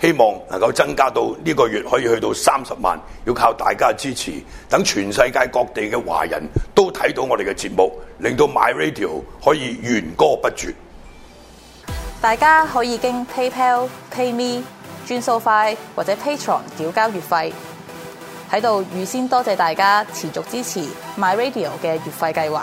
希望能夠增加到呢個月可以去到三十萬，要靠大家的支持，等全世界各地嘅華人都睇到我哋嘅節目，令到 My Radio 可以源源不絕。大家可以經 PayPal、PayMe、轉數快或者 Patreon 繳交月費，喺度預先多謝大家持續支持 My Radio 嘅月費計劃。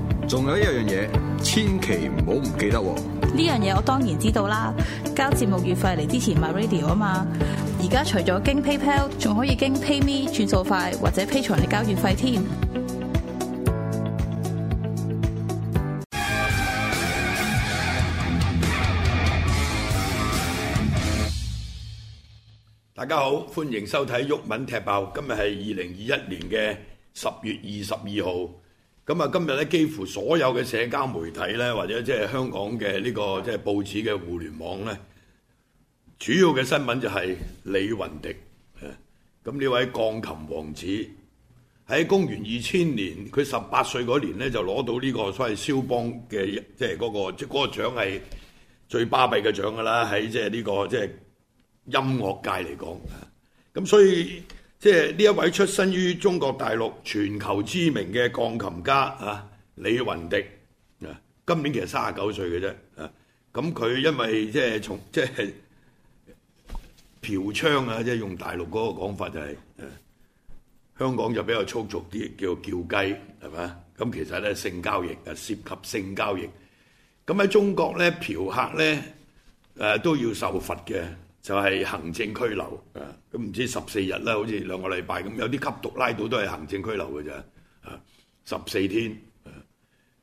仲有一樣嘢，千祈唔好唔記得喎！呢樣嘢我當然知道啦，交節目月費嚟支持 MyRadio 啊嘛！而家除咗經 PayPal，仲可以經 PayMe 轉數快，或者 Patreon 嚟交月費添。大家好，歡迎收睇毓民踢爆，今天是年的月22日，係二零二一年嘅十月二十二號。咁啊，今日咧，幾乎所有嘅社交媒體咧，或者即係香港嘅呢個即係報紙嘅互聯網咧，主要嘅新聞就係李雲迪。咁呢位鋼琴王子喺公元二千年，佢十八歲嗰年咧就攞到呢個所謂肖邦嘅即係嗰個即嗰個獎，係最巴閉嘅獎㗎啦，喺即係呢個即係音樂界嚟講。咁所以。即係呢一位出身於中國大陸、全球知名嘅鋼琴家啊，李雲迪啊，今年其實三十九歲嘅啫啊，咁佢因為即係從即係嫖娼啊，即係用大陸嗰個講法就係誒，香港就比較粗俗啲，叫叫雞係咪啊？咁其實咧性交易啊，涉及性交易，咁喺中國咧，嫖客咧，誒都要受罰嘅。就係、是、行政拘留啊！咁唔知十四日啦，好似兩個禮拜咁，有啲吸毒拉到都係行政拘留嘅咋。啊！十四天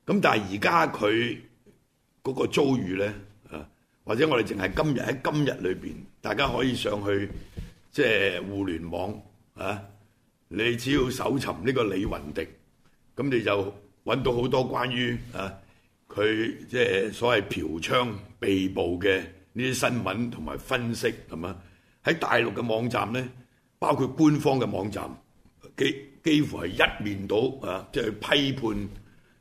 咁、啊、但係而家佢嗰個遭遇咧啊，或者我哋淨係今日喺今日裏邊，大家可以上去即係、就是、互聯網啊！你只要搜尋呢個李雲迪，咁你就搵到好多關於啊佢即係所謂嫖娼被捕嘅。呢啲新聞同埋分析係嘛？喺大陸嘅網站咧，包括官方嘅網站，幾幾乎係一面倒啊！即係批判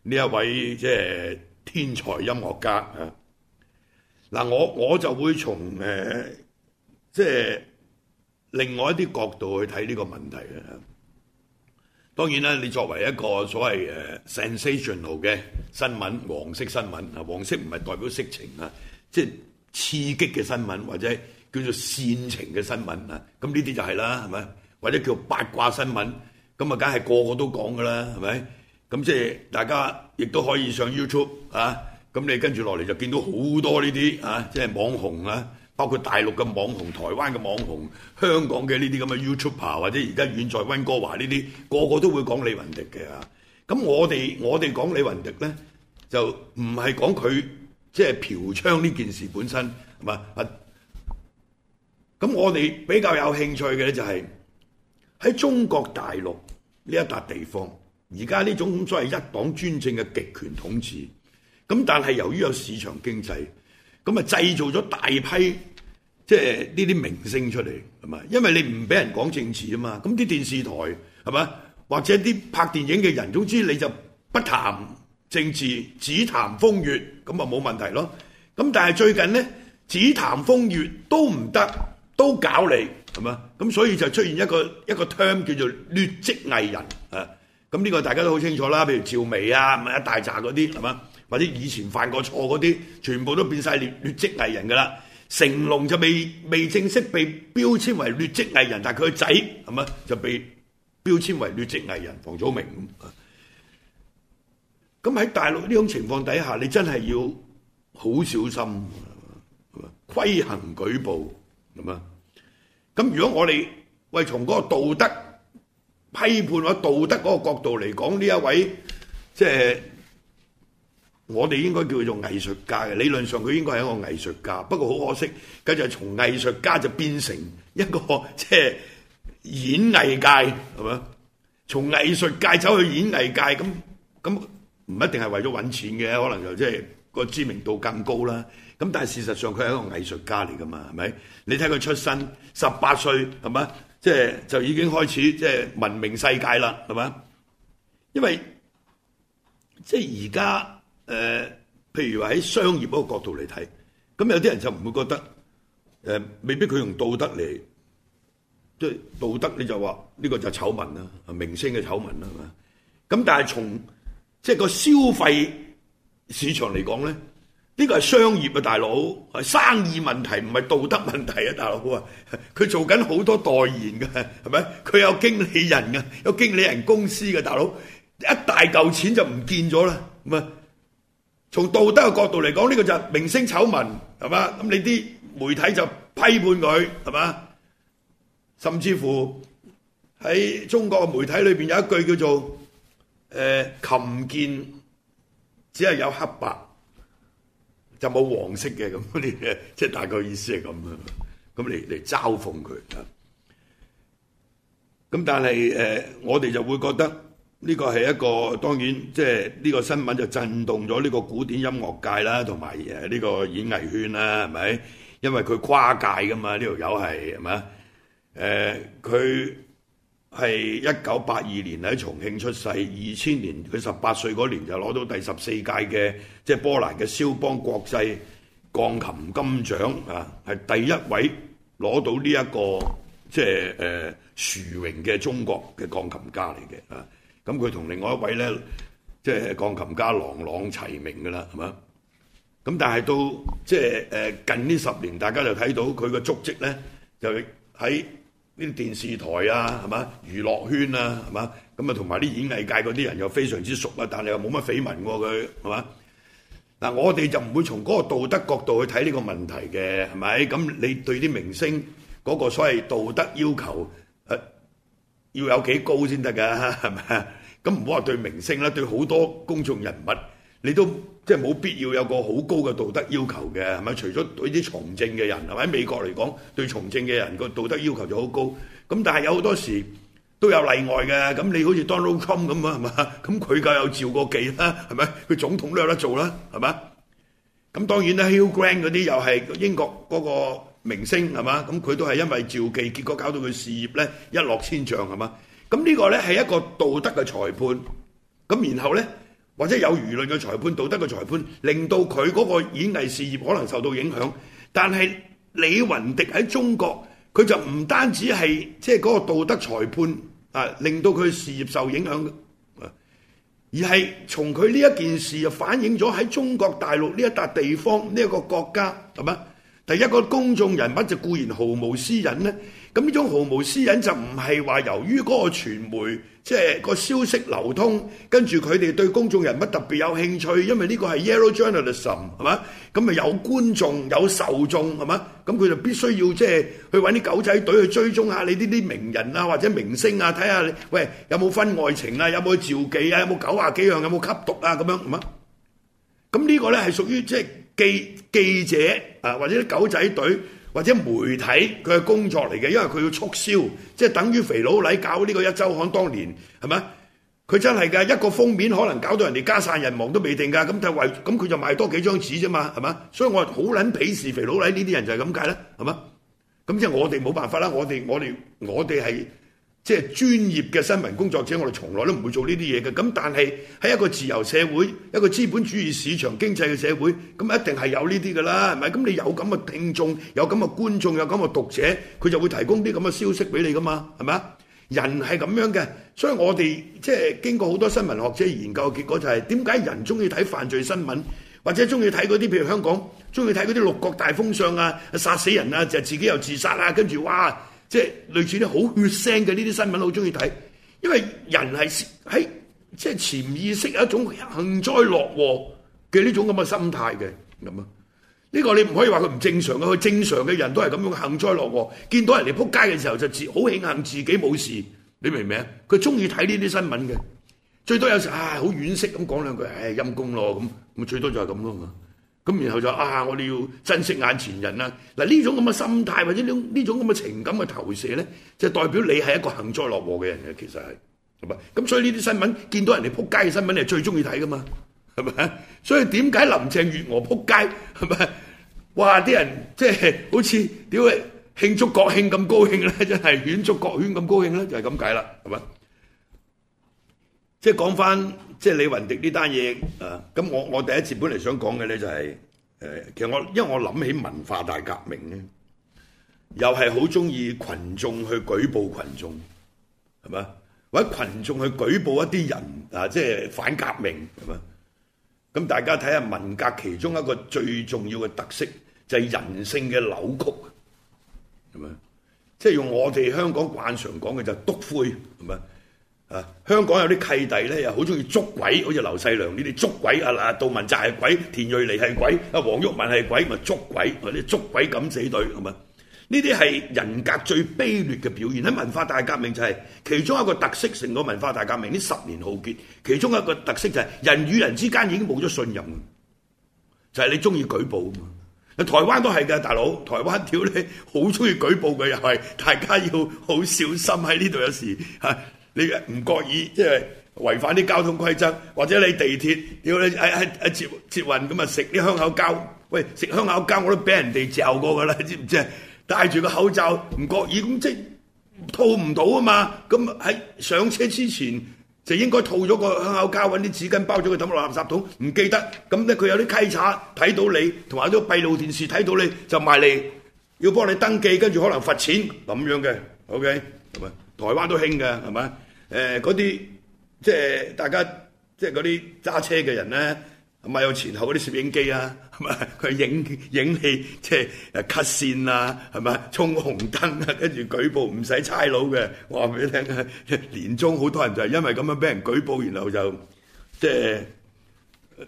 呢一位即係天才音樂家啊！嗱，我我就會從誒即係另外一啲角度去睇呢個問題啦。當然啦，你作為一個所謂誒 sensational 嘅新聞，黃色新聞啊，黃色唔係代表色情啊，即係。刺激嘅新聞或者叫做煽情嘅新聞啊，咁呢啲就係啦，係咪？或者叫八卦新聞，咁啊，梗係個個都講噶啦，係咪？咁即係大家亦都可以上 YouTube 啊，咁你跟住落嚟就見到好多呢啲啊，即係網紅啊，包括大陸嘅網紅、台灣嘅網紅、香港嘅呢啲咁嘅 YouTuber，或者而家遠在温哥華呢啲，個個都會講李雲迪嘅啊。咁我哋我哋講李雲迪呢，就唔係講佢。即係嫖娼呢件事本身係嘛啊？咁我哋比較有興趣嘅咧，就係喺中國大陸呢一笪地方，而家呢種咁所謂一黨專政嘅極權統治，咁但係由於有市場經濟，咁啊製造咗大批即係呢啲明星出嚟係嘛？因為你唔俾人講政治啊嘛，咁啲電視台係嘛，或者啲拍電影嘅人，總之你就不談政治只談風月咁啊冇問題咯，咁但係最近呢，只談風月都唔得，都搞你係嘛？咁所以就出現一個一個 term 叫做劣跡藝人啊！咁、這、呢個大家都好清楚啦，譬如趙薇啊，一大扎嗰啲係嘛，或者以前犯過錯嗰啲，全部都變晒劣劣跡藝人噶啦。成龍就未未正式被標籤為劣跡藝人，但係佢個仔係嘛就被標籤為劣跡藝人，房祖名咁喺大陸呢種情況底下，你真係要好小心規行舉步，係嘛？咁如果我哋為從嗰個道德批判或道德嗰個角度嚟講呢一位，即係我哋應該叫做藝術家嘅。理論上佢應該係一個藝術家，不過好可惜，佢就從藝術家就變成一個即係演藝界，係嘛？從藝術界走去演藝界，咁咁。唔一定係為咗揾錢嘅，可能就即係個知名度更高啦。咁但係事實上佢係一個藝術家嚟㗎嘛，係咪？你睇佢出身十八歲係咪？即係、就是、就已經開始即係聞名世界啦，係咪？因為即係而家誒，譬如話喺商業嗰個角度嚟睇，咁有啲人就唔會覺得誒、呃，未必佢用道德嚟，即、就、係、是、道德你就話呢、這個就醜聞啦，明星嘅醜聞啦，係咪？咁但係從即係個消費市場嚟講咧，呢個係商業嘅，大佬係生意問題，唔係道德問題啊，大佬啊，佢做緊好多代言嘅，係咪？佢有經理人嘅，有經理人公司嘅，大佬一大嚿錢就唔見咗啦，咁啊！從道德嘅角度嚟講，呢個就係明星醜聞，係嘛？咁你啲媒體就批判佢，係嘛？甚至乎喺中國嘅媒體裏邊有一句叫做。誒、呃、琴鍵只係有黑白，就冇黃色嘅咁嗰啲嘅，即 係大概意思係咁樣。咁嚟嚟嘲諷佢啊。咁但係誒、呃，我哋就會覺得呢個係一個當然，即係呢個新聞就震動咗呢個古典音樂界啦，同埋誒呢個演藝圈啦，係咪？因為佢跨界噶嘛，呢條友係係咪？誒佢。呃佢係一九八二年喺重慶出世，二千年佢十八歲嗰年就攞到第十四屆嘅即係波蘭嘅肖邦國際鋼琴金獎啊，係第一位攞到呢一個即係誒殊榮嘅中國嘅鋼琴家嚟嘅啊。咁佢同另外一位咧，即係鋼琴家郎朗齊名㗎啦，係嘛？咁但係到即係誒近呢十年，大家就睇到佢嘅足跡咧，就喺。啲電視台啊，係嘛？娛樂圈啊，係嘛？咁啊，同埋啲演藝界嗰啲人又非常之熟啊，但係又冇乜緋聞喎，佢係嘛？嗱，我哋就唔會從嗰個道德角度去睇呢個問題嘅，係咪？咁你對啲明星嗰個所謂道德要求，誒要有幾高先得㗎？係咪？咁唔好話對明星啦，對好多公眾人物你都。即係冇必要有個好高嘅道德要求嘅，係咪？除咗對啲從政嘅人，喺美國嚟講，對從政嘅人個道德要求就好高。咁但係有好多時都有例外嘅。咁你好似 Donald Trump 咁啊，係咪？咁佢梗有召過妓啦，係咪？佢總統都有得做啦，係咪？咁當然啦 Hugh Grant 嗰啲又係英國嗰個明星，係咪？咁佢都係因為召妓，結果搞到佢事業咧一落千丈，係咪？咁呢個咧係一個道德嘅裁判。咁然後咧。或者有輿論嘅裁判，道德嘅裁判，令到佢嗰個演藝事業可能受到影響。但係李雲迪喺中國，佢就唔單止係即係嗰個道德裁判啊，令到佢事業受影響，而係從佢呢一件事又反映咗喺中國大陸呢一笪地方，呢一個國家係咪？第一個公眾人物就固然毫無私隱咧。咁呢種毫無私隱就唔係話由於嗰個傳媒，即係個消息流通，跟住佢哋對公眾人物特別有興趣，因為呢個係 yellow journalism 係嘛？咁咪有觀眾有受眾係嘛？咁佢就必須要即係去揾啲狗仔隊去追蹤下你呢啲名人啊或者明星啊，睇下你喂有冇婚外情啊，有冇召妓啊，有冇九廿幾樣，有冇吸毒啊咁樣唔啊？咁呢個咧係屬於即係記記者啊或者啲狗仔隊。或者媒體佢係工作嚟嘅，因為佢要促銷，即係等於肥佬黎搞呢個壹週刊，當年係咪？佢真係㗎，一個封面可能搞到人哋家散人亡都未定㗎，咁就為咁佢就賣多幾張紙啫嘛，係嘛？所以我好撚鄙視肥佬黎呢啲人就係咁解啦，係嘛？咁即係我哋冇辦法啦，我哋我哋我哋係。即係專業嘅新聞工作者，我哋從來都唔會做呢啲嘢嘅。咁但係喺一個自由社會、一個資本主義市場經濟嘅社會，咁一定係有呢啲㗎啦，係咪？咁你有咁嘅聽眾、有咁嘅觀眾、有咁嘅讀者，佢就會提供啲咁嘅消息俾你㗎嘛，係咪？人係咁樣嘅，所以我哋即係經過好多新聞學者研究嘅結果，就係點解人中意睇犯罪新聞，或者中意睇嗰啲譬如香港中意睇嗰啲六國大封相啊，殺死人啊，就自己又自殺啊，跟住哇！即係類似啲好血腥嘅呢啲新聞，好中意睇，因為人係喺即係潛意識有一種幸災樂禍嘅呢種咁嘅心態嘅咁啊。呢個你唔可以話佢唔正常嘅，佢正常嘅人都係咁樣幸災樂禍。見到人哋撲街嘅時候就自好慶幸自己冇事，你明唔明？佢中意睇呢啲新聞嘅，最多有時唉，好惋惜咁講兩句，唉陰公咯咁，咁最多就係咁咯。咁然後就啊，我哋要珍惜眼前人啊。嗱，呢種咁嘅心態或者呢種呢種咁嘅情感嘅投射咧，就代表你係一個幸災樂禍嘅人嘅，其實係係咪？咁所以呢啲新聞見到人哋仆街嘅新聞，你係最中意睇噶嘛？係咪？所以點解林鄭月娥仆街係咪？哇！啲人即係好似屌，慶祝國慶咁高興咧，真係遠祝國圈咁高興咧，就係咁解啦，係咪？即係講翻，即係李雲迪呢單嘢啊！咁我我第一次本嚟想講嘅咧就係誒，其實我因為我諗起文化大革命咧，又係好中意群眾去舉報群眾，係嘛？或者群眾去舉報一啲人啊，即係反革命，係嘛？咁大家睇下文革其中一個最重要嘅特色，就係人性嘅扭曲，係咪？即係用我哋香港慣常講嘅就係督灰，係咪？啊！香港有啲契弟咧，又好中意捉鬼，好似劉世良呢啲捉鬼，阿阿杜汶澤係鬼，田瑞妮係鬼，阿黃毓民係鬼，咪捉鬼，嗰啲捉鬼敢死隊咁啊！呢啲係人格最卑劣嘅表現。喺文化大革命就係其中一個特色，成個文化大革命呢十年浩劫，其中一個特色就係人與人之間已經冇咗信任，就係、是、你中意舉報啊！台灣都係嘅，大佬，台灣條咧好中意舉報嘅，又係大家要好小心喺呢度，有時吓。你唔覺意即係違反啲交通規則，或者你地鐵要你喺喺喺接接運咁啊，食啲香口膠。喂，食香口膠我都俾人哋嚼過噶啦，知唔知啊？戴住個口罩唔覺意咁即套唔到啊嘛。咁喺上車之前就應該套咗個香口膠，搵啲紙巾包咗佢抌落垃圾桶。唔記得咁咧，佢有啲稽查睇到你，同埋有啲閉路電視睇到你就埋你，要幫你登記，跟住可能罰錢咁樣嘅。OK，台灣都興㗎，係咪？誒嗰啲即係大家即係嗰啲揸車嘅人咧，咪有前後嗰啲攝影機啊，係咪佢影影起即係誒 cut 線啊，係咪衝紅燈啊？跟住舉報唔使差佬嘅，我話俾你聽啊！年中好多人就係因為咁樣俾人舉報，然後就即係、呃、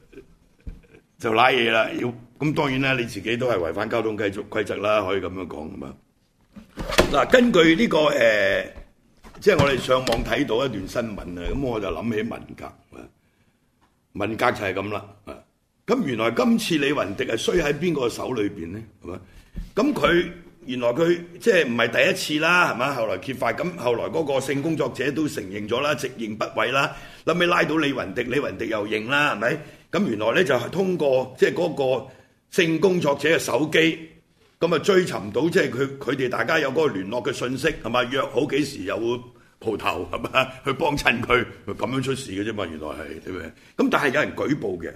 就拉嘢啦。要咁當然啦，你自己都係違反交通繼續規則啦，可以咁樣講咁嘛。嗱，根據呢、呢個誒。呃即係我哋上網睇到一段新聞啊，咁我就諗起文革啊，文革就係咁啦啊，咁原來今次李雲迪係衰喺邊個手裏邊咧？係嘛？咁佢原來佢即係唔係第一次啦，係咪？後來揭發，咁後來嗰個性工作者都承認咗啦，直認不諱啦，諗尾拉到李雲迪，李雲迪又認啦，係咪？咁原來咧就係通過即係嗰個性工作者嘅手機。咁啊，追尋到即係佢佢哋大家有嗰個聯絡嘅信息，係嘛，約好幾時有會鋪頭係嘛去幫襯佢咁樣出事嘅啫嘛，原來係點樣？咁但係有人舉報嘅，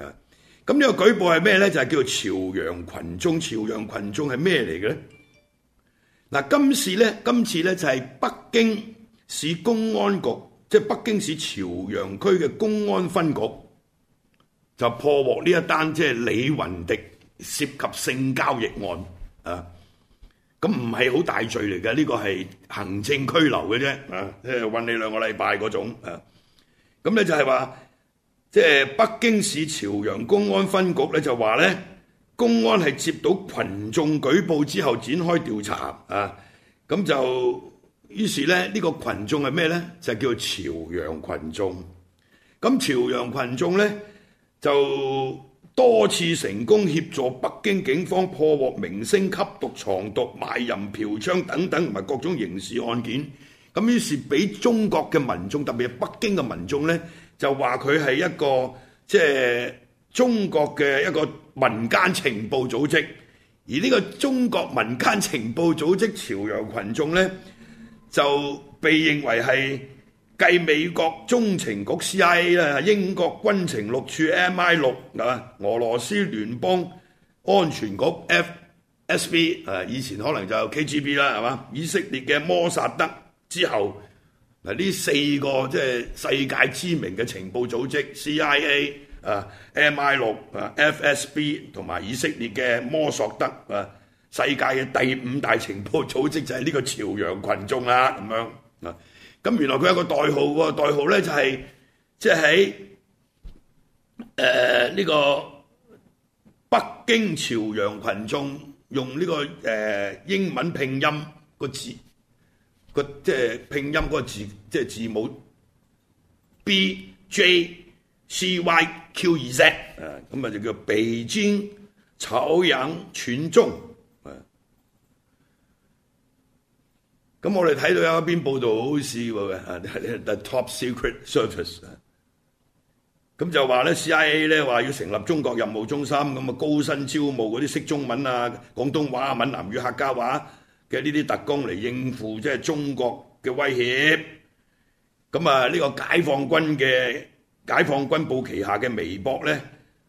咁呢個舉報係咩咧？就係叫做「朝陽群眾」，朝陽群眾係咩嚟嘅咧？嗱今次咧，今次咧就係北京市公安局，即係北京市朝陽區嘅公安分局，就破獲呢一單即係李雲迪涉及性交易案。啊，咁唔係好大罪嚟嘅，呢個係行政拘留嘅啫，啊，運你兩個禮拜嗰種，啊，咁咧就係話，即係北京市朝陽公安分局咧就話咧，公安係接到群眾舉報之後展開調查，啊，咁就於是咧呢個群眾係咩咧？就叫做朝陽群眾，咁朝陽群眾咧就，多次成功協助北京警方破獲明星吸毒、藏毒、賣淫、嫖娼等等同埋各種刑事案件，咁於是俾中國嘅民眾，特別係北京嘅民眾呢，就話佢係一個即係中國嘅一個民間情報組織，而呢個中國民間情報組織朝陽群眾呢就被認為係。繼美國中情局 CIA 啦，英國軍情六處 MI 六係嘛，俄羅斯聯邦安全局 FSB 啊，以前可能就 KGB 啦係嘛，以色列嘅摩薩德之後嗱呢四個即係世界知名嘅情報組織 CIA 啊 MI 六啊 FSB 同埋以色列嘅摩索德啊，世界嘅第五大情報組織就係、是、呢個朝陽群眾啦咁樣啊。咁原來佢有個代號喎，代號就係即喺呢個北京朝陽群眾，用呢、這個、呃、英文拼音、嗰個字，個即係拼音個字，即、就、係、是、字母 B J C Y Q Z、呃。就叫北京朝陽羣眾。咁我哋睇到有一篇報導好似嘅，係係係 Top Secret Service。咁就話咧，CIA 咧話要成立中國任務中心，咁啊高薪招募嗰啲識中文啊、廣東話啊、閩南語、客家話嘅呢啲特工嚟應付即係中國嘅威脅。咁啊呢個解放軍嘅解放軍報旗下嘅微博咧。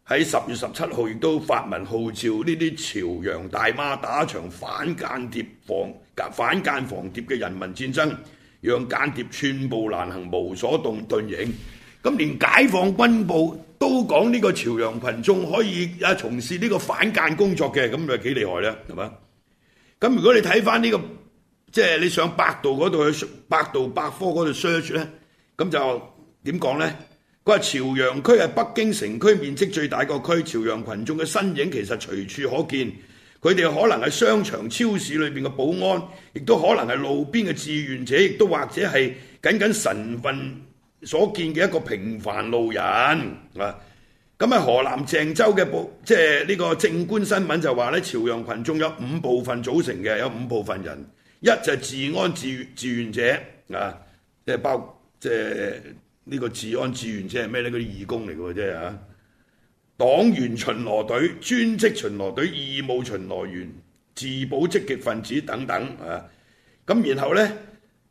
喺十月十七號，亦都發文號召呢啲朝陽大媽打場反間諜防反間防諜嘅人民戰爭，讓間諜寸步難行、無所遁形。咁連解放軍部都講呢個朝陽羣眾可以啊從事呢個反間工作嘅，咁咪幾厲害咧？係嘛？咁如果你睇翻呢個，即係你上百度嗰度去百度百科嗰度 search 咧，咁就點講咧？佢話：朝陽區係北京城區面積最大個區，朝陽群眾嘅身影其實隨處可見，佢哋可能係商場超市裏邊嘅保安，亦都可能係路邊嘅志願者，亦都或者係僅僅神棍所見嘅一個平凡路人啊。咁、嗯、喺河南鄭州嘅報，即係呢個正觀新聞就話咧，朝陽群眾有五部分組成嘅，有五部分人，一就係治安志願志願者啊，即係包即係。呃呢個治安志願者係咩呢？嗰啲義工嚟嘅啫嚇，黨員巡邏隊、專職巡邏隊、義務巡邏員、自保積極分子等等啊。咁然後呢，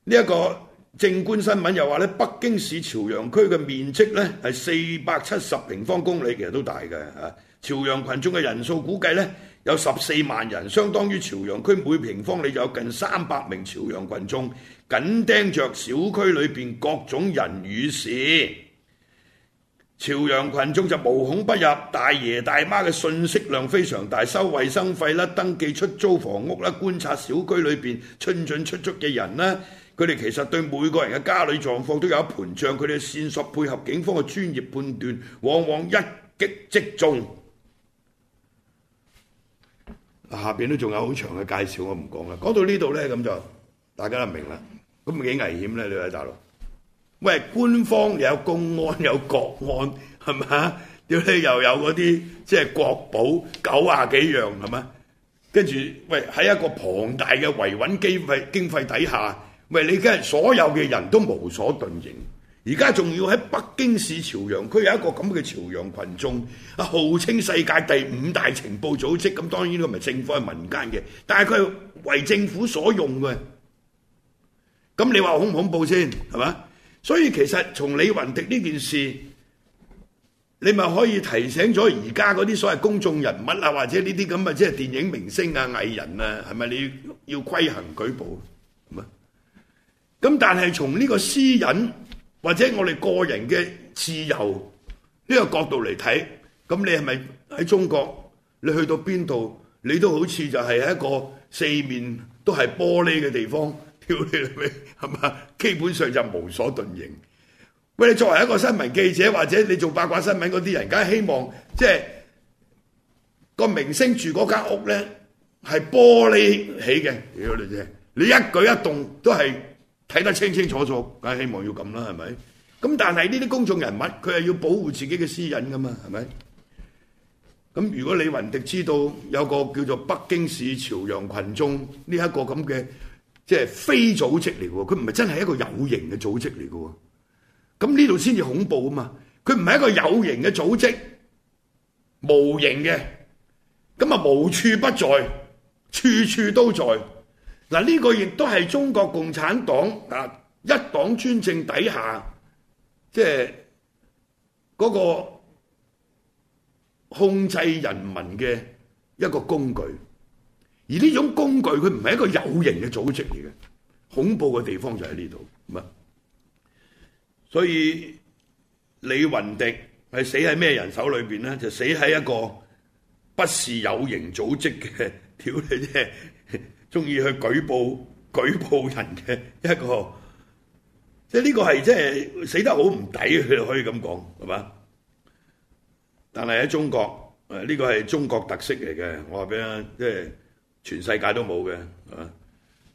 呢一個正官新聞又話呢，北京市朝陽區嘅面積呢係四百七十平方公里，其實都大嘅啊。朝陽群眾嘅人數估計呢，有十四萬人，相當於朝陽區每平方里有近三百名朝陽群眾緊盯着小區裏面各種人與事。朝陽群眾就無孔不入，大爺、大媽嘅信息量非常大，收衞生費啦、登記出租房屋啦、觀察小區裏邊進進出出嘅人啦，佢哋其實對每個人嘅家裏狀況都有一盤賬，佢哋嘅線索配合警方嘅專業判斷，往往一擊即中。下邊都仲有好長嘅介紹，我唔講啦。講到呢度咧，咁就大家都明啦。咁咪幾危險咧？你喺大陸，喂，官方又有公安有國安，係嘛？屌你又有嗰啲即係國保九啊幾樣係咪？跟住喂喺一個龐大嘅維穩機費經費底下，喂你梗係所有嘅人都無所遁形。而家仲要喺北京市朝陽區有一個咁嘅朝陽群眾，啊號稱世界第五大情報組織，咁當然都唔係政府，係民間嘅，但係佢係為政府所用嘅。咁你話恐唔恐怖先？係嘛？所以其實從李雲迪呢件事，你咪可以提醒咗而家嗰啲所謂公眾人物啊，或者呢啲咁嘅即係電影明星啊、藝人啊，係咪你要要規行舉報？咁啊？咁但係從呢個私隱。或者我哋個人嘅自由呢個角度嚟睇，咁你係咪喺中國？你去到邊度，你都好似就係一個四面都係玻璃嘅地方，跳嚟嚟你係咪？基本上就無所遁形。喂，你作為一個新聞記者，或者你做八卦新聞嗰啲人，梗係希望即係個明星住嗰間屋咧係玻璃起嘅，屌你！你一舉一動都係。睇得清清楚楚，梗係希望要咁啦，係咪？咁但係呢啲公眾人物，佢係要保護自己嘅私隱噶嘛，係咪？咁如果李雲迪知道有個叫做北京市朝陽群眾呢一個咁嘅，即係非組織嚟嘅喎，佢唔係真係一個有形嘅組織嚟嘅喎，咁呢度先至恐怖啊嘛！佢唔係一個有形嘅組織，無形嘅，咁啊無處不在，處處都在。嗱，呢個亦都係中國共產黨啊，一黨專政底下，即係嗰個控制人民嘅一個工具。而呢種工具佢唔係一個有形嘅組織嚟嘅，恐怖嘅地方就喺呢度。唔係，所以李雲迪係死喺咩人手裏邊呢？就死喺一個不是有形組織嘅條脷啫。中意去舉報舉報人嘅一個，即係呢個係即係死得好唔抵，你可以咁講係嘛？但係喺中國，誒呢個係中國特色嚟嘅，我話俾你聽，即係全世界都冇嘅，係嘛？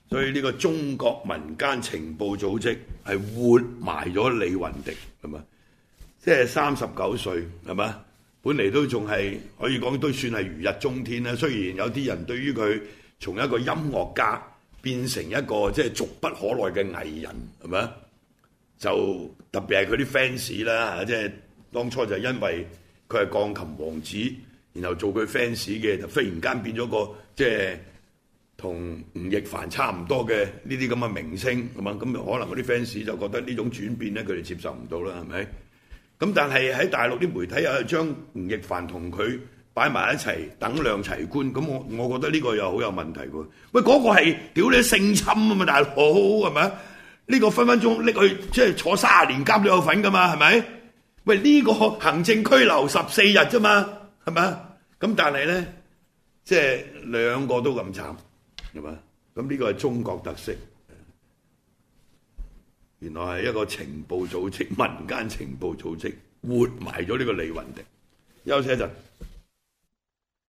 所以呢個中國民間情報組織係活埋咗李雲迪係嘛？即係三十九歲係嘛？本嚟都仲係可以講都算係如日中天啦，雖然有啲人對於佢。從一個音樂家變成一個即係俗不可耐嘅藝人，係咪？就特別係佢啲 fans 啦，即係當初就因為佢係鋼琴王子，然後做佢 fans 嘅，就忽然間變咗個即係同吳亦凡差唔多嘅呢啲咁嘅明星，係咪？咁可能嗰啲 fans 就覺得呢種轉變咧，佢哋接受唔到啦，係咪？咁但係喺大陸啲媒體又係將吳亦凡同佢，擺埋一齊等量齊觀咁，我我覺得呢個又好有問題喎。喂，嗰個係屌你性侵啊嘛，大佬係咪？呢個分分鐘拎去即係坐卅年監都有份噶嘛，係咪？喂，呢個行政拘留十四日啫嘛，係咪？咁但係咧，即係兩個都咁慘，係咪？咁呢個係中國特色，原來係一個情報組織，民間情報組織活埋咗呢個李雲迪。休息一陣。